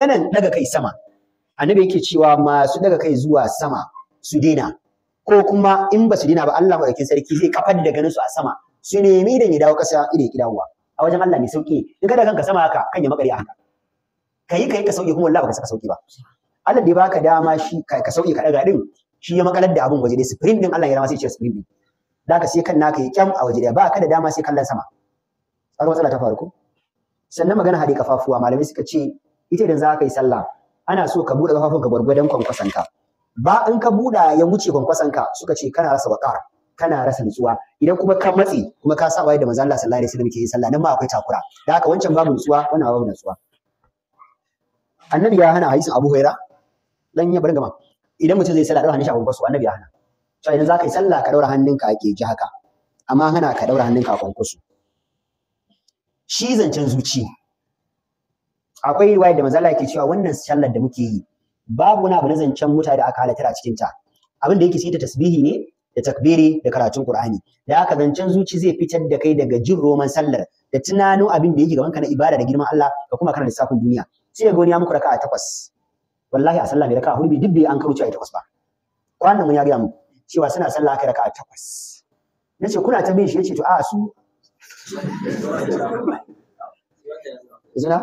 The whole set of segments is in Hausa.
maganan daga kai sama annabi yake cewa masu daga kai zuwa sama su daina ko kuma in ba su daina ba Allah madaukin sarki zai kafar da ganin su a sama su nemi da ya dawo kasa idan ya kidawa a wajen Allah ne sauki in ka daga kanka sama haka kan ya makari haka kai kai ka sauki kuma Allah baka saka sauki ba Allah da ya baka dama shi ka sauki ka daga din shi ya makalar da abun waje dai sprint din Allah ya rama sai ce sprint din da ka sai kan naka ya kyam a waje dai ba ka da dama sai kallon sama tsaro matsala ta faru ko sannan magana hadi kafafuwa malamai suka ce ita idan za ka yi sallah ana so ka buɗe kafafunka gwargwadon kwankwasanka ba in ka buɗa ya wuce kwankwasanka suka ce kana rasa waƙar kana rasa nutsuwa idan kuma ka matsi kuma ka saba yadda manzo Allah sallallahu alaihi wasallam yake yi sallah nan ma akwai takura da haka wancan babu nutsuwa wannan babu nutsuwa annabi ya hana hadisin Abu Huraira dan ya bar gama idan mutum zai sallah daura hannun shi a kwankwaso annabi ya hana to idan za ka yi sallah ka daura hannunka a ji haka amma hana ka daura hannunka a kwankwaso shi zancen zuciya akwai riwaya da manzo Allah yake cewa wannan sallar da muke yi babu wani abu na zancen mutane da aka halatar a cikin ta abin da yake sai ta tasbihi ne da takbiri da karatun Qur'ani da haka zancen zuci zai fitar da kai daga jin roman sallar da tunano abin da yake gaban ka na ibada da girman Allah da kuma kana lissafin duniya sai ga wani ya muku raka'a takwas wallahi a sallah mai raka'a hudu bai dubbe an karuce a takwas ba kwanan mun ya ga mu cewa suna sallah aka raka'a takwas nace kuna ta bin shi yace to a su Zina?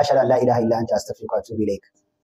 ashhadu an la ilaha illa anta astaghfiruka wa atubu